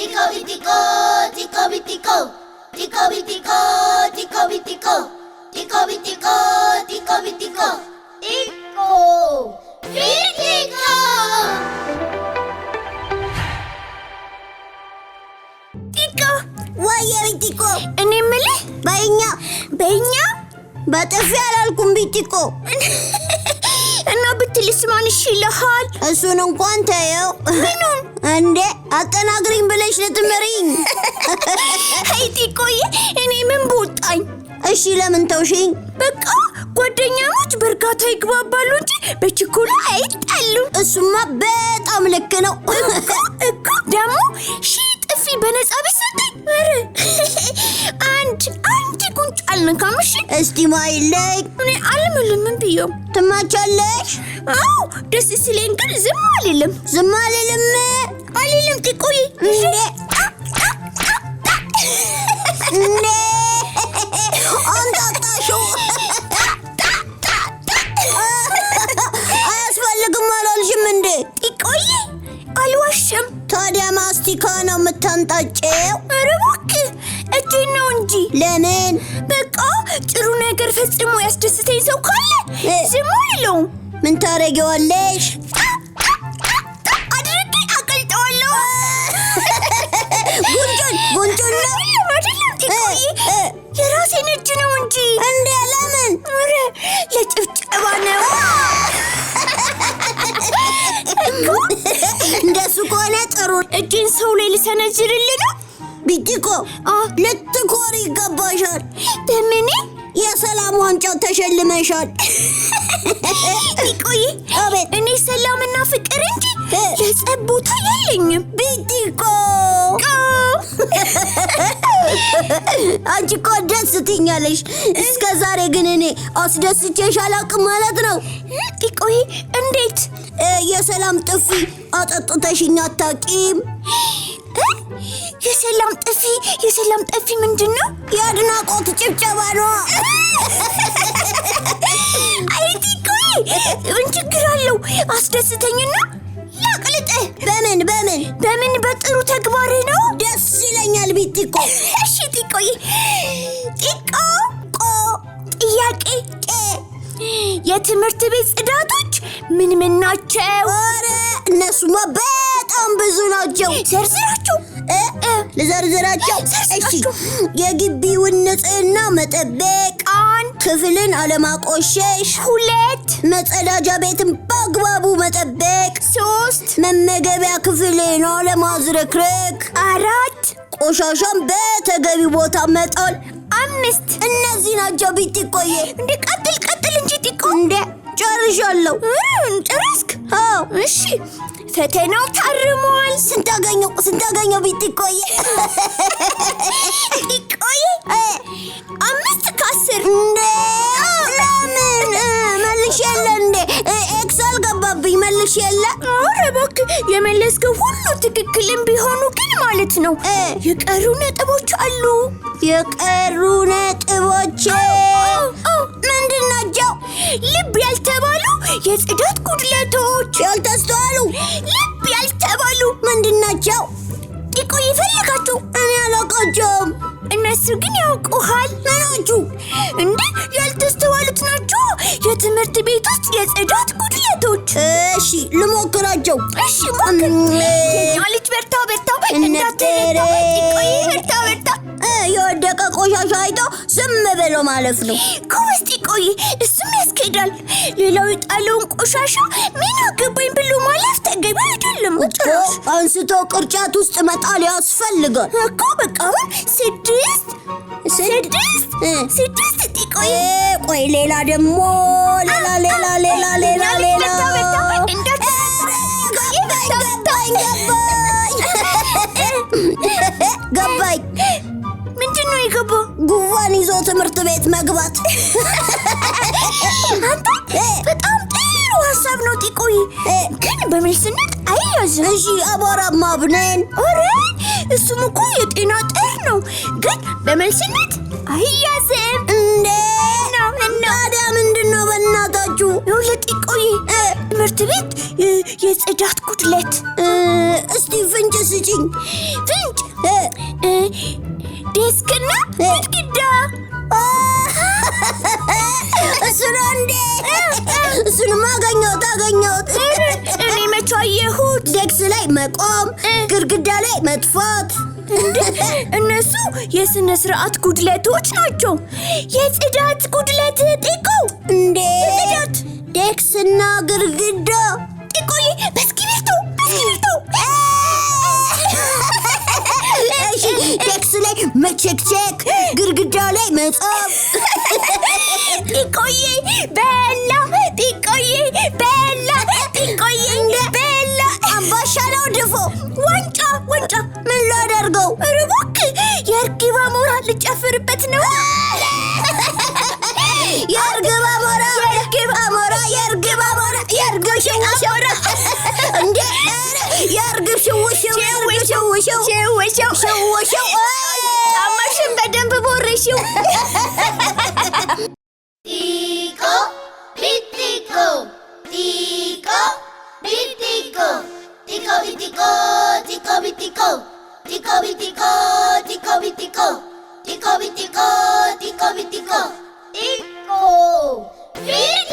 Tico bitico, tico bitico, tico bitico, tico bitico, tico bitico, tico bitico, tico bitico. ቲኮ ወየ ቢቲኮ፣ እኔ የምልህ በእኛ በእኛ በጥፊ አላልኩም ቢቲኮ እና ብትልስ ማን ይሻልሃል? እሱን እንኳን ተየው እንዴ አቀናግሪኝ ብለሽ ልትምሪኝ? አይ ጢቆዬ፣ እኔ ምን በወጣኝ። እሺ ለምን ተውሽኝ? በቃ ጓደኛሞች በእርጋታ ይግባባሉ እንጂ በችኮላ አይጣሉም። እሱማ በጣም ልክ ነው እኮ። ደግሞ ሺህ ጥፊ በነጻ ቢሰጠኝ ኧረ አንድ አንድ ጉንጭ አልነካምሽ። እስቲ ማይለኝ እኔ አልምልምን ብየው ትማቻለሽ? አዎ ደስ ሲለኝ ግን ዝም አልልም፣ ዝም አልልም 얼른 뜯고 이 네. 네. 안다다쇼. ማስቲካ ነው የምታንጣጨው? ኧረ እባክህ እጄን ነው እንጂ። ለምን? በቃ ጥሩ ነገር ፈጽሞ ያስደስተኝ ሰው ካለ ዝም አልለውም። ምን ታደርጊዋለሽ? የራሴን እጅ ነው እንጂ። እንደ ለምን ለጭብጨባ ነው እኮ። እንደሱ ከሆነ ጥሩ። እጅን ሰው ላይ ልሰነዝርልህ ነው? ቢትኮ ልትኮሪ ይገባሻል። ለምን የሰላም ዋንጫ ተሸልመሻል። ቢቆይ አቤት። እኔ ሰላምና ፍቅር እንጂ የጸብ ቦታ የለኝም። ቢትኮ አንቺ እኮ ደስትኛለሽ። እስከ ዛሬ ግን እኔ አስደስቼሽ አላቅም ማለት ነው። ቆይ እንዴት የሰላም ጥፊ አጠጥተሽኝ አታውቂም? የሰላም ጥፊ የሰላም ጥፊ ምንድን ነው? የአድናቆት ጭብጨባ ነው። አይቲ ቆይ ምን ችግር አለው? አስደስተኝና ላቅ Eh, በምን በምን በምን? በጥሩ ተግባር ነው። ደስ ይለኛል። ቢጢቆ እሺ፣ ጢቆይ ጢቆ ቆ ጥያቄ ቄ የትምህርት ቤት ጽዳቶች ምን ምን ናቸው? ኧረ እነሱማ በጣም ብዙ ናቸው። ዘርዝራቸው ልዘርዝራቸው። እሺ፣ የግቢውን ንጽህና መጠበቅ ክፍልን አለማቆሸሽ፣ ሁለት መጸዳጃ ቤትን በአግባቡ መጠበቅ፣ ሶስት መመገቢያ ክፍልን አለማዝረክረክ፣ አራት ቆሻሻን በተገቢ ቦታ መጣል፣ አምስት እነዚህ ናቸው። ቢት ቆየ እንደ ቀጥል ቀጥል እንጂ ጢቆ እንደ ጨርሻለሁ። ጨረስክ? እሺ ፈተናው ታርሟል። ስንታገኘው ስንታገኘው ቢት ቆየ ቆየ አስር እንዴ ለምን መልሽ የለ እንዴ ኤክስ አልገባብኝ መልሽ የለ ኧረ እባክህ የመለስከው ሁሉ ትክክልም ቢሆኑ ግን ማለት ነው የቀሩ ነጥቦች አሉ የቀሩ ነጥቦች ምንድን ናቸው ልብ ያልተባሉ የጽዳት ጉድለቶች ያልተስተዋሉ ልብ ያልተባሉ ምንድን ናቸው ዲቆ የፈለጋቸው እኔ አላውቃቸውም። እነሱ ግን ያውቁሃል። ምኖቹ እንዴ ያልተስተዋሉት ናቸው። የትምህርት ቤት ውስጥ የጽዳት ጉድለቶች። እሺ ልሞክራቸው። እሺ ሞክር። ልጅ በርታ በርታ በርታ በርታ። የወደቀ ቆሻሻ አይቶ ዝም ብሎ ማለፍ ነው። ጎበዝ ዲቆዬ፣ እሱም ያስኬዳል። ሌላው የጣለውን ቆሻሻ ምን አገባኝ ብሎ ላፍ ተገቢ አይደለም። ጭራሽ አንስቶ ቅርጫት ውስጥ መጣል ያስፈልጋል እኮ። በቃ ስድስት ስድስት ስድስት ጢቆይ ቆይ፣ ሌላ ደግሞ ሌላ ሌላ ሌላ ሌላ ሌላ ገባኝ። ምንድን ነው የገባው? ጉንፋን ይዞ ትምህርት ቤት መግባት። አንተ በጣም ጥሩ ሀሳብ ነው ጢቆይ በመልስነት አይያዝ። እሺ፣ አቧራማ ማብነን። ኧረ እሱም እኮ የጤና ጥር ነው፣ ግን በመልስነት አይያዝም። እንዴ ታዲያ ምንድን ነው? በእናታችሁ የሁለት ቆይ ትምህርት ቤት የጽዳት ጉድለት። እስቲ ፍንጭ ስጭኝ። ፍንጭ ዴስክና ግድግዳ እሱ እንዴ? እሱን ማገኘው ታገኘውት መቆም፣ ግድግዳ ላይ መጥፋት እነሱ የስነ ስርዓት ጉድለቶች ናቸው። የጽዳት ጉድለት ጢቆ እንዴ! ጽዳት ዴክስና ግድግዳ ጢቆዬ፣ በእስክሪብቶ በእስክሪብቶ ዴክስ ላይ መቸክቸክ፣ ግርግዳ ላይ መጻፍ ጢቆዬ እናድርገው። ኧረ እባክህ የእርግብ ልጨፍርበት ነው። የእርግብ አሞራ የእርግብ አሞራ የእርግብ አሞራ የእርግብ ሽውሽው እንዴ! የእርግብ ሽውሽው ሽውሽው ሽውሽው ሽውሽው ጫማሽን በደንብ ቦርሽው። ጢቆ ቢጢቆ ጢቆ ቢጢቆ ጢቆ ቢጢቆ tico vitico, tico vitico, tico vitico, tico vitico, tico. Tico.